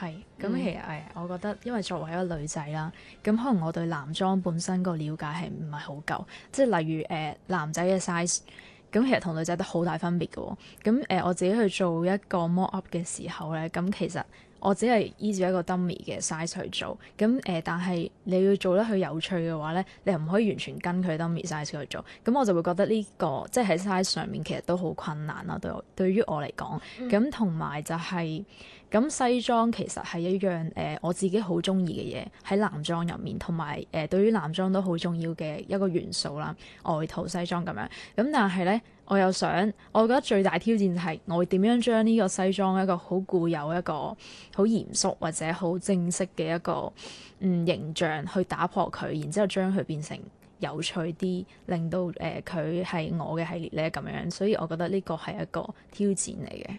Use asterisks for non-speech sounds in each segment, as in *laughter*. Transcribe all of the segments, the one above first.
係咁，其實誒、嗯哎，我覺得因為作為一個女仔啦，咁可能我對男裝本身個了解係唔係好夠，即係例如誒、呃、男仔嘅 size，咁其實同女仔都好大分別㗎喎、哦。咁誒、呃，我自己去做一個 more up 嘅時候咧，咁其實～我只係依照一個 dummy 嘅 size 去做，咁誒、呃，但係你要做得佢有趣嘅話咧，你又唔可以完全跟佢 dummy size 去做，咁我就會覺得呢、這個即係、喺、size 上面其實都好困難啦，對對於我嚟講，咁同埋就係、是、咁西裝其實係一樣誒、呃、我自己好中意嘅嘢，喺男裝入面，同埋誒對於男裝都好重要嘅一個元素啦，外套西裝咁樣，咁但係咧。我又想，我覺得最大挑戰係我點樣將呢個西裝一個好固有一個好嚴肅或者好正式嘅一個嗯形象去打破佢，然之後將佢變成有趣啲，令到誒佢係我嘅系列咧咁樣。所以我覺得呢個係一個挑戰嚟嘅。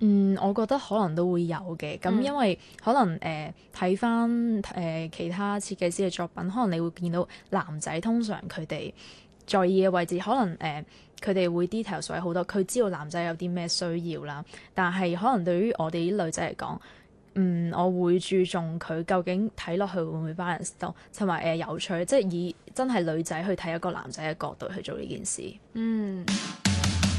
嗯，我覺得可能都會有嘅，咁因為可能誒睇翻誒其他設計師嘅作品，可能你會見到男仔通常佢哋在意嘅位置，可能誒佢哋會 detail 曬好多，佢知道男仔有啲咩需要啦。但係可能對於我哋啲女仔嚟講，嗯，我會注重佢究竟睇落去會唔會 balance 到，同埋誒有趣，即係以真係女仔去睇一個男仔嘅角度去做呢件事。嗯。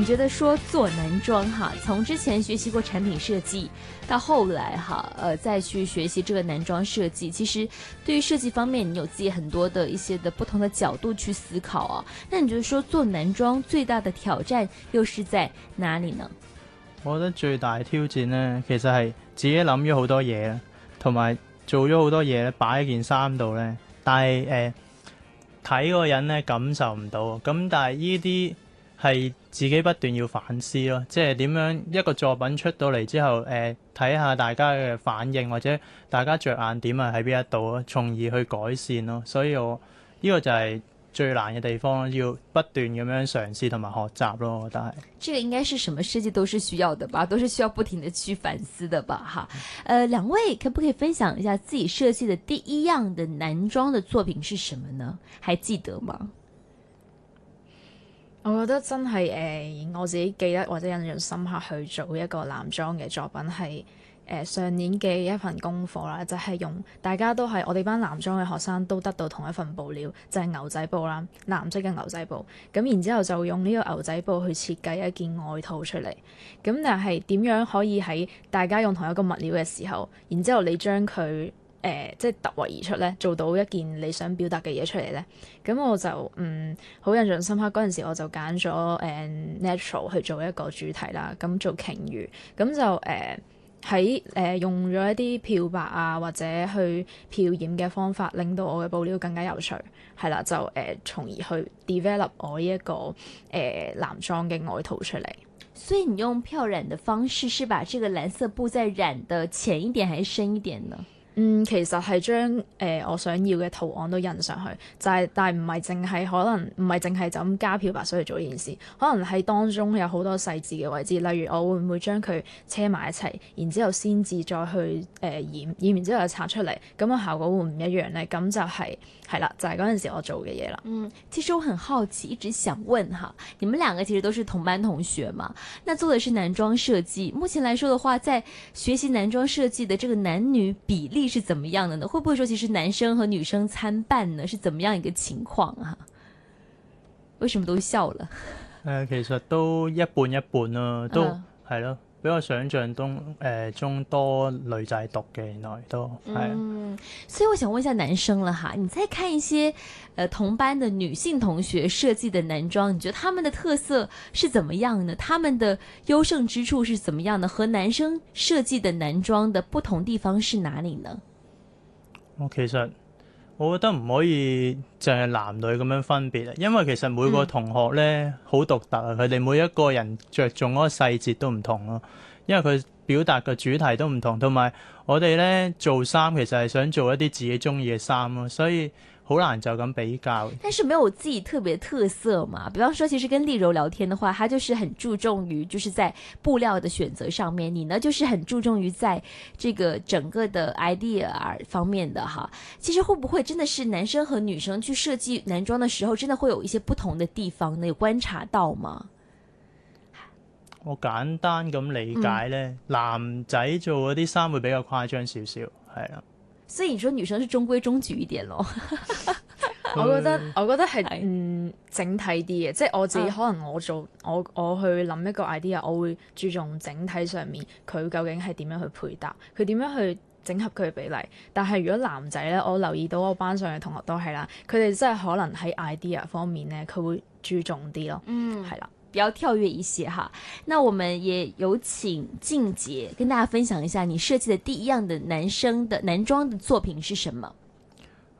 你覺得說做男裝哈、啊，從之前學習過產品設計，到後來哈、啊，呃，再去學習這個男裝設計，其實對於設計方面，你有自己很多的一些的不同的角度去思考啊，那你覺得說做男裝最大的挑戰又是在哪裏呢？我覺得最大挑戰呢，其實係自己諗咗好多嘢，同埋做咗好多嘢咧，擺喺件衫度咧，但係誒，睇嗰個人咧，感受唔到，咁但係呢啲係。自己不斷要反思咯，即係點樣一個作品出到嚟之後，誒睇下大家嘅反應或者大家着眼點啊喺邊一度咯，從而去改善咯。所以我呢個就係最難嘅地方咯，要不斷咁樣嘗試同埋學習咯。我覺得係，呢個應該是什麼設計都是需要的吧，都是需要不停的去反思的吧？哈，呃，兩位可不可以分享一下自己設計的第一樣的男裝的作品是什麼呢？還記得嗎？我覺得真係誒、呃，我自己記得或者印象深刻去做一個男裝嘅作品係誒、呃、上年嘅一份功課啦，就係、是、用大家都係我哋班男裝嘅學生都得到同一份布料，就係牛仔布啦，藍色嘅牛仔布。咁然之後就用呢個牛仔布去設計一件外套出嚟。咁但係點樣可以喺大家用同一個物料嘅時候，然之後你將佢誒、呃，即係突圍而出咧，做到一件你想表達嘅嘢出嚟咧。咁我就嗯好印象深刻嗰陣時，我就揀咗、呃、Natural 去做一個主題啦。咁做鯨魚，咁就誒喺誒用咗一啲漂白啊或者去漂染嘅方法，令到我嘅布料更加有趣，係啦，就誒、呃、從而去 develop 我呢、這、一個誒男裝嘅外套出嚟。所以你用漂染嘅方式，是把這個藍色布再染得淺一點，還是深一點呢？嗯，其實係將誒、呃、我想要嘅圖案都印上去，就係、是、但係唔係淨係可能唔係淨係就咁加漂白水去做呢件事，可能喺當中有好多細緻嘅位置，例如我會唔會將佢車埋一齊，然之後先至再去誒染，染、呃、完之後又拆出嚟，咁個效果會唔一樣咧？咁就係、是。係啦，就係嗰陣時我做嘅嘢啦。嗯， *music* *music* 其實我很好奇，一直想問哈，你們兩個其實都是同班同學嘛？那做的是男裝設計，目前來說的話，在學習男裝設計的這個男女比例是怎麼樣的呢？會不會說其實男生和女生參半呢？是怎麼樣一個情況啊？為什麼都笑了？誒、 *laughs* 呃，其實都一半一半、啊、咯，都係咯。比我想象中誒，呃，中多女仔讀嘅，原來都係，嗯、是所以我想問一下男生啦，嚇，你再看一些誒，呃、同班的女性同學設計的男裝，你覺得他們的特色是怎麼樣呢？他們的優勝之處是怎麼樣呢？和男生設計的男裝的不同地方是哪裡呢？我其實。我覺得唔可以淨係男女咁樣分別啊，因為其實每個同學咧好、嗯、獨特啊，佢哋每一個人着重嗰個細節都唔同咯，因為佢表達嘅主題都唔同，同埋我哋咧做衫其實係想做一啲自己中意嘅衫咯，所以。好難就咁比較，但是沒有自己特別特色嘛。比方說，其實跟麗柔聊天的話，她就是很注重於就是在布料的選擇上面。你呢，就是很注重於在這個整個的 idea 方面的哈。其實會不會真的是男生和女生去設計男裝的時候，真的會有一些不同的地方呢？有觀察到嗎？我簡單咁理解呢，嗯、男仔做嗰啲衫會比較誇張少少，係啦。雖然說女生係中規中矩啲嘢咯、 *laughs* uh, 我，我覺得我覺得係嗯整體啲嘅，即係我自己可能我做我我去諗一個 idea，我會注重整體上面佢究竟係點樣去配搭，佢點樣去整合佢嘅比例。但係如果男仔咧，我留意到我班上嘅同學都係啦，佢哋真係可能喺 idea 方面咧，佢會注重啲咯。嗯，係啦。比較跳躍一些哈，那我們也有請靜姐跟大家分享一下你設計的第一樣的男生的男裝的作品是什麼？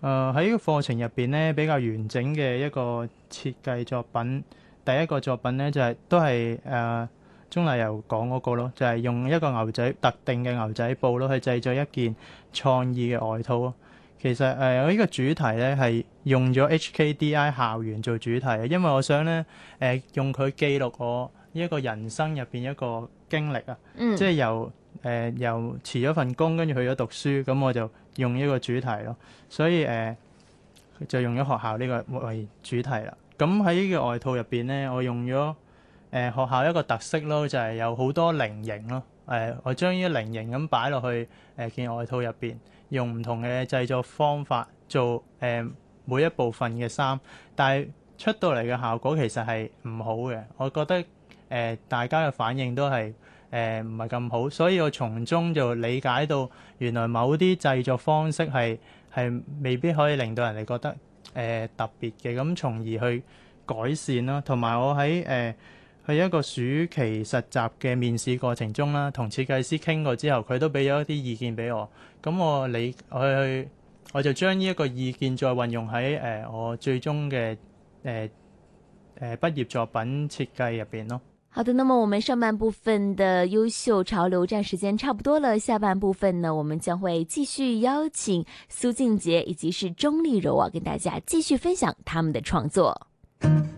誒喺，呃、呢個課程入邊呢，比較完整嘅一個設計作品，第一個作品呢，就係、是、都係誒鍾麗柔講嗰個咯，就係、是、用一個牛仔特定嘅牛仔布咯去製作一件創意嘅外套咯。其實誒我呢個主題咧係用咗 HKDI 校園做主題，因為我想咧誒用佢記錄我呢一個人生入邊一個經歷啊，即係由誒由辭咗份工跟住去咗讀書，咁我就用呢個主題咯。所以誒就用咗學校呢個為主題啦。咁喺呢個外套入邊咧，我用咗誒學校一個特色咯，就係有好多菱形咯。誒我將呢個菱形咁擺落去誒件外套入邊。用唔同嘅製作方法做誒、呃、每一部分嘅衫，但係出到嚟嘅效果其實係唔好嘅。我覺得誒、呃、大家嘅反應都係誒唔係咁好，所以我從中就理解到原來某啲製作方式係係未必可以令到人哋覺得誒、呃、特別嘅，咁從而去改善啦。同埋我喺誒。呃喺一個暑期實習嘅面試過程中啦，同設計師傾過之後，佢都俾咗一啲意見俾我。咁我你去去，我就將呢一個意見再運用喺誒、呃、我最終嘅誒誒畢業作品設計入邊咯。好的，那麼我們上半部分的優秀潮流站時間差不多了，下半部分呢，我們將會繼續邀請蘇靜杰以及是鍾麗柔啊，跟大家繼續分享他們的創作。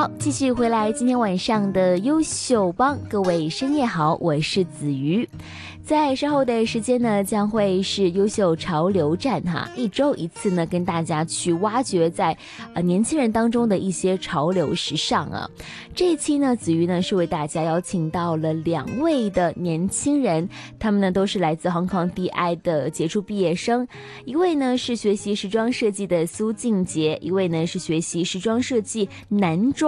好，繼續回來，今天晚上的優秀幫，各位深夜好，我是子瑜。在稍後的時間呢，將會是優秀潮流站哈，一周一次呢，跟大家去挖掘在啊、呃、年輕人當中的一些潮流時尚啊。這一期呢，子瑜呢是為大家邀請到了兩位的年輕人，他們呢都是來自 Hong Kong DI 的傑出畢業生，一位呢是學習時裝設計的蘇靜杰，一位呢是學習時裝設計男裝。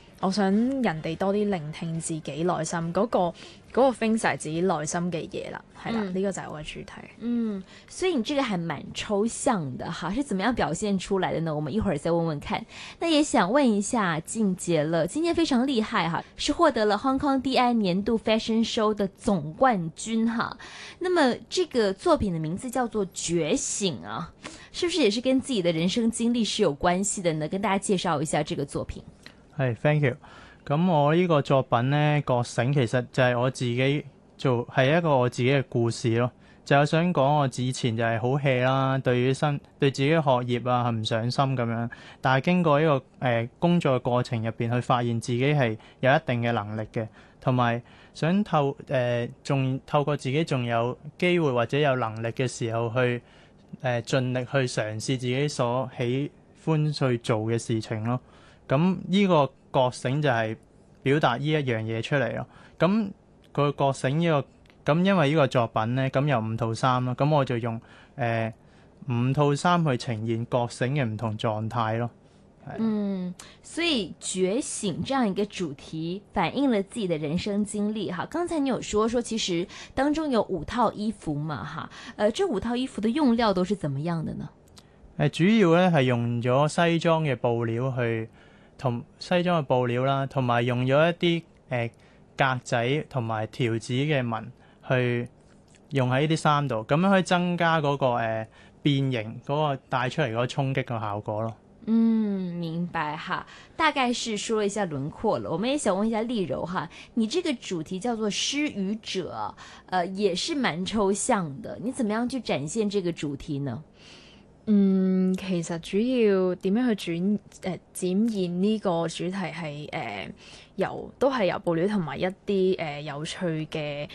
我想人哋多啲聆聽自己內心嗰、那個嗰、那個 thing 係自己內心嘅嘢啦，係啦，呢、嗯、個就係我嘅主題。嗯，所以你這個還蠻抽象的，哈，是怎麼樣表現出來的呢？我們一會兒再問問看。那也想問一下靜姐了，今天非常厲害，哈，是獲得了 Hong Kong DI 年度 Fashion Show 的總冠軍，哈。那麼這個作品的名字叫做《覺醒》啊，是不是也是跟自己的人生經歷是有關係的呢？跟大家介紹一下這個作品。係、hey，thank you。咁我呢個作品咧，覺醒其實就係我自己做，係一個我自己嘅故事咯。就係、是、想講我之前就係好 hea 啦，對於生，對自己學業啊係唔上心咁樣。但係經過呢、這個誒、呃、工作嘅過程入邊，去發現自己係有一定嘅能力嘅，同埋想透誒，仲、呃、透過自己仲有機會或者有能力嘅時候去，去、呃、誒盡力去嘗試自己所喜歡去做嘅事情咯。咁呢個覺醒就係表達呢一樣嘢出嚟咯。咁佢覺醒呢個咁，因為呢個作品咧，咁有五套衫啦。咁我就用誒五套衫去呈現覺醒嘅唔同狀態咯。嗯，所以覺醒這樣一個主題反映了自己的人生經歷。哈，剛才你有說，說其實當中有五套衣服嘛。哈，呃，這五套衣服的用料都是怎麼樣的呢？誒、嗯啊呃，主要咧係用咗西裝嘅布料去。同西裝嘅布料啦，同埋用咗一啲誒、呃、格仔同埋條子嘅紋去用喺呢啲衫度，咁樣可以增加嗰、那個誒、呃、變形嗰、那個帶出嚟嗰個衝擊嘅效果咯。嗯，明白哈。大概是說一下輪廓啦。我們也想問一下麗柔哈，你這個主題叫做失語者，呃，也是蠻抽象的，你怎點樣去展現這個主題呢？嗯，其實主要點樣去轉誒、呃、展現呢個主題係誒、呃、由都係由布料同埋一啲誒、呃、有趣嘅誒、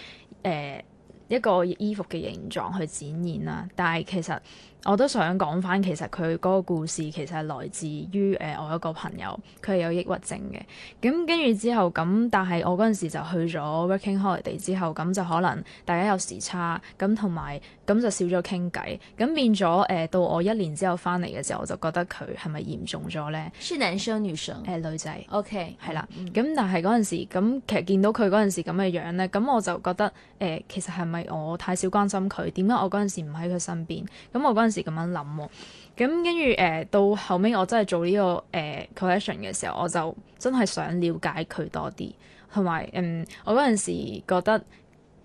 呃、一個衣服嘅形狀去展現啦，但係其實。我都想講返，其實佢嗰個故事其實係來自於誒、呃、我一個朋友，佢係有抑鬱症嘅。咁跟住之後，咁但係我嗰陣時就去咗 Working Holiday 之後，咁就可能大家有時差，咁同埋咁就少咗傾偈，咁變咗誒、呃、到我一年之後返嚟嘅時候，我就覺得佢係咪嚴重咗咧？是男生女生？誒、呃、女仔。OK，係啦。咁但係嗰陣時，咁其實見到佢嗰陣時咁嘅樣咧，咁我就覺得誒、呃、其實係咪我太少關心佢？點解我嗰陣時唔喺佢身邊？咁我嗰陣咁樣諗，咁跟住誒到後尾，我真係做呢、呢個誒 collection 嘅時候，我就真係想了解佢多啲，同埋嗯我嗰陣時覺得，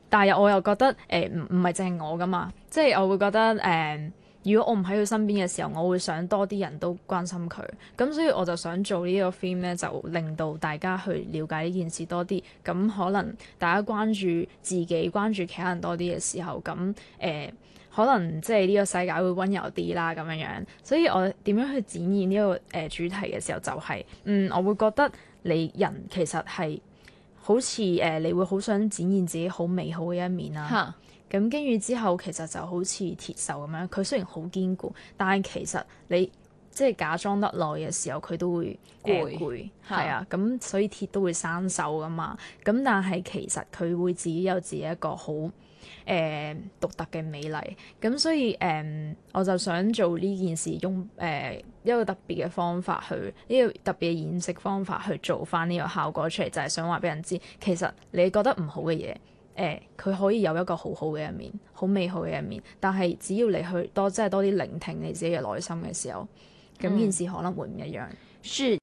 但係我又覺得誒唔唔係淨係我㗎嘛，即係我會覺得誒、呃，如果我唔喺佢身邊嘅時候，我會想多啲人都關心佢，咁所以我就想做呢個 film 呢個 theme 咧，就令到大家去了解呢件事多啲，咁、嗯、可能大家關注自己關注其他人多啲嘅時候，咁、嗯、誒。呃可能即係呢個世界會溫柔啲啦，咁樣樣，所以我點樣去展現呢、這個誒、呃、主題嘅時候、就是，就係嗯，我會覺得你人其實係好似誒、呃，你會好想展現自己好美好嘅一面啦、啊。嚇哈！咁跟住之後，其實就好似鐵鏽咁樣，佢雖然好堅固，但係其實你即係假裝得耐嘅時候，佢都會過攰，係啊。咁所以鐵都會生鏽㗎嘛。咁但係其實佢會自己有自己一個好。誒，獨、嗯、特嘅美麗，咁所以誒、嗯，我就想做呢件事用，用、呃、誒一個特別嘅方法去，呢個特別嘅演繹方法去做翻呢個效果出嚟，就係、是、想話俾人知，其實你覺得唔好嘅嘢，誒、呃，佢可以有一個好好嘅一面，好美好嘅一面，但係只要你去多，即係多啲聆聽你自己嘅內心嘅時候，咁件事可能會唔一樣。嗯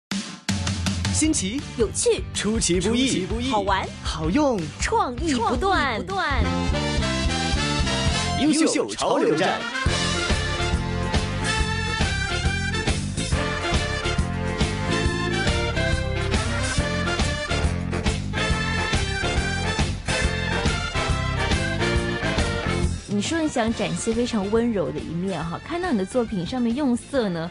新奇有趣，出其不意，好玩，好用，創意不斷，不斷，優秀潮流戰。你說你想展現非常温柔的一面哈、哦，看到你的作品上面用色呢？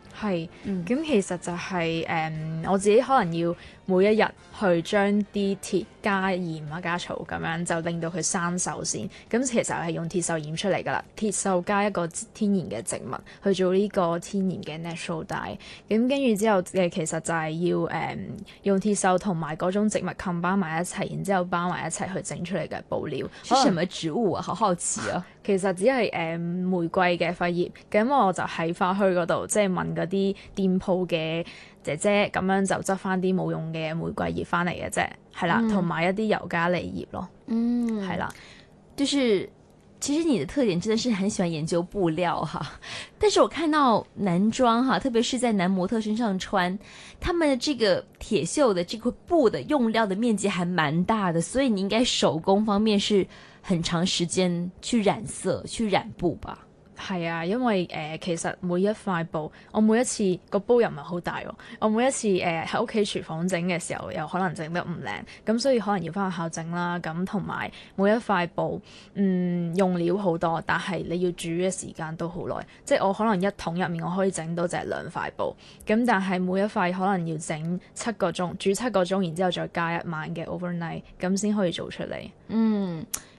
係，咁、嗯、其實就係、是、誒、嗯，我自己可能要每一日去將啲鐵加鹽啊、加醋咁樣，就令到佢生鏽先。咁其實係用鐵鏽染出嚟噶啦，鐵鏽加一個天然嘅植物去做呢個天然嘅 natural dye。咁跟住之後嘅其實就係要誒、嗯、用鐵鏽同埋嗰種植物冚包埋一齊，然之後包埋一齊去整出嚟嘅布料。能是唔係煮糊啊？好好似啊！其實只係誒、嗯、玫瑰嘅廢葉，咁我就喺花墟嗰度，即係問嗰啲店鋪嘅姐姐，咁樣就執翻啲冇用嘅玫瑰葉翻嚟嘅啫，係啦，同埋、嗯、一啲油加利葉咯，嗯，係啦，就是其實你的特點真的是很喜歡研究布料哈， *laughs* 但是我看到男裝哈，特別是在男模特身上穿，他們這個鐵鏽的這個布的用料的面積還蠻大嘅，所以你應該手工方面是。很長時間去染色去染布吧，係啊，因為誒、呃、其實每一塊布，我每一次個煲又唔係好大哦，我每一次誒喺屋企廚房整嘅時候，又可能整得唔靚，咁所以可能要返學校整啦，咁同埋每一塊布，嗯，用料好多，但係你要煮嘅時間都好耐，即係我可能一桶入面我可以整到淨係兩塊布，咁但係每一塊可能要整七個鐘，煮七個鐘，然之後再加一晚嘅 overnight，咁先可以做出嚟，嗯。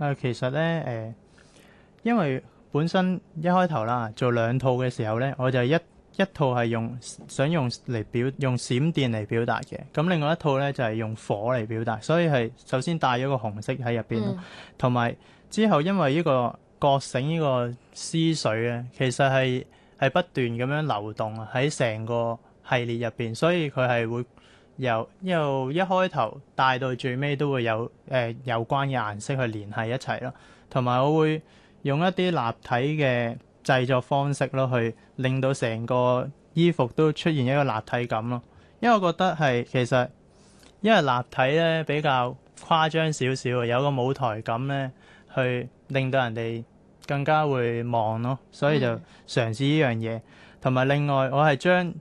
啊，其實咧，誒，因為本身一開頭啦，做兩套嘅時候咧，我就一一套係用想用嚟表用閃電嚟表達嘅，咁另外一套咧就係、是、用火嚟表達，所以係首先帶咗個紅色喺入邊，同埋、嗯、之後因為依個覺醒依個思緒咧，其實係係不斷咁樣流動啊，喺成個系列入邊，所以佢係會。由一開頭戴到最尾都會有誒、呃、有關嘅顏色去連係一齊咯，同埋我會用一啲立體嘅製作方式咯，去令到成個衣服都出現一個立體感咯。因為我覺得係其實因為立體咧比較誇張少少，有個舞台感咧，去令到人哋更加會望咯，所以就嘗試呢樣嘢。同埋另外我係將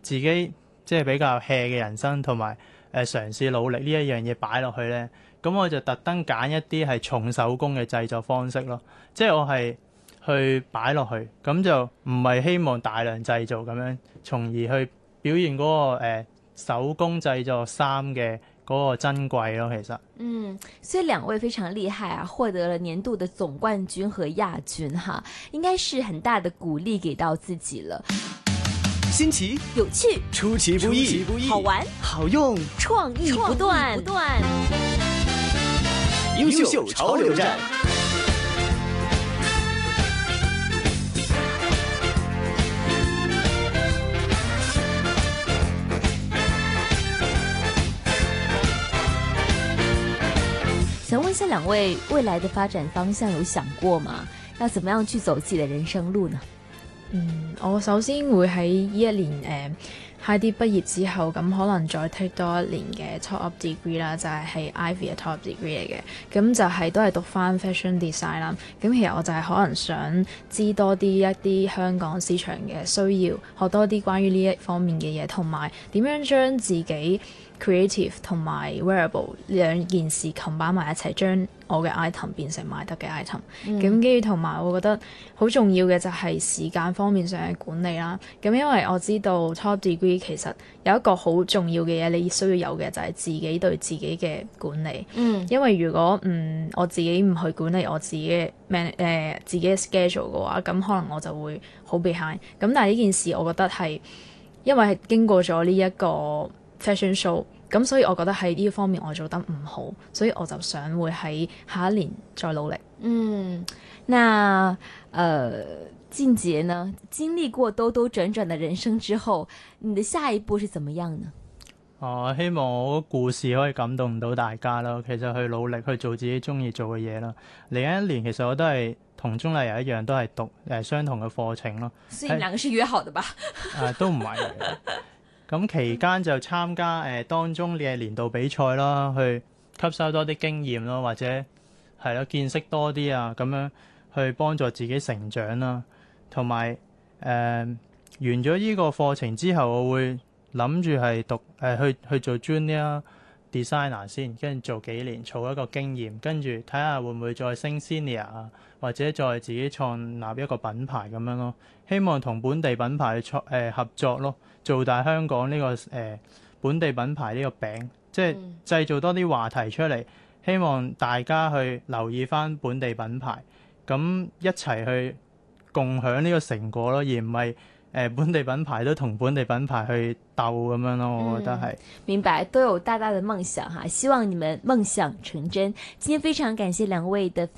自己。即係比較 hea 嘅人生同埋誒嘗試努力呢一樣嘢擺落去咧，咁、嗯、我就特登揀一啲係重手工嘅製作方式咯。即係我係去擺落去，咁就唔係希望大量製造咁樣，從而去表現嗰、那個、呃、手工製作衫嘅嗰個珍貴咯。其實，嗯，所以兩位非常厲害啊，獲得了年度嘅總冠軍和亞軍哈，應該是很大的鼓勵，給到自己了。新奇、有趣 氣、出其不意、好玩、好用、創意不斷、不斷，優秀潮流站。想問一下兩位，未來的發展方向有想過嗎？要怎麼樣去走自己的人生路呢？嗯，我首先會喺呢一年誒，high 啲畢業之後，咁可能再 take 多一年嘅 top up degree 啦，就係喺 ivy 嘅 top up degree 嚟嘅，咁就係都係讀返 fashion design 啦。咁其實我就係可能想知多啲一啲香港市場嘅需要，學多啲關於呢一方面嘅嘢，同埋點樣將自己。creative 同埋 wearable 兩件事 combine 埋一齊，將我嘅 item 變成買得嘅 item。咁跟住同埋，我覺得好重要嘅就係時間方面上嘅管理啦。咁因為我知道 top degree 其實有一個好重要嘅嘢，你需要有嘅就係、是、自己對自己嘅管理。嗯。因為如果嗯我自己唔去管理我自己 man 誒、呃、自己 schedule 嘅話，咁可能我就會好 behind。咁但係呢件事，我覺得係因為係經過咗呢一個。fashion show，咁所以我覺得喺呢個方面我做得唔好，所以我就想會喺下一年再努力。嗯，嗱，誒、呃，俊傑呢，經歷過兜兜轉轉的人生之後，你的下一步是點樣呢？我、呃、希望我故事可以感動唔到大家咯。其實去努力去做自己中意做嘅嘢啦。嚟緊一年其實我都係同鐘麗柔一樣，都係讀誒相同嘅課程咯。雖然兩個是約好的吧？誒、哎呃，都唔係。 *laughs* 咁期間就參加誒、呃、當中嘅年度比賽啦，去吸收多啲經驗咯，或者係咯見識多啲啊，咁樣去幫助自己成長啦。同埋誒完咗呢個課程之後，我會諗住係讀誒、呃、去去做專業啊 designer 先，跟住做幾年，儲一個經驗，跟住睇下會唔會再升 senior 啊，或者再自己創立一個品牌咁樣咯。希望同本地品牌創、呃、合作咯，做大香港呢、呢個誒、呃、本地品牌呢個餅，即係製造多啲話題出嚟，希望大家去留意返本地品牌，咁一齊去共享呢個成果咯，而唔係。誒本地品牌都同本地品牌去鬥咁樣咯，嗯、我覺得係，明白都有大大的夢想哈，希望你們夢想成真。今天非常感謝兩位的分。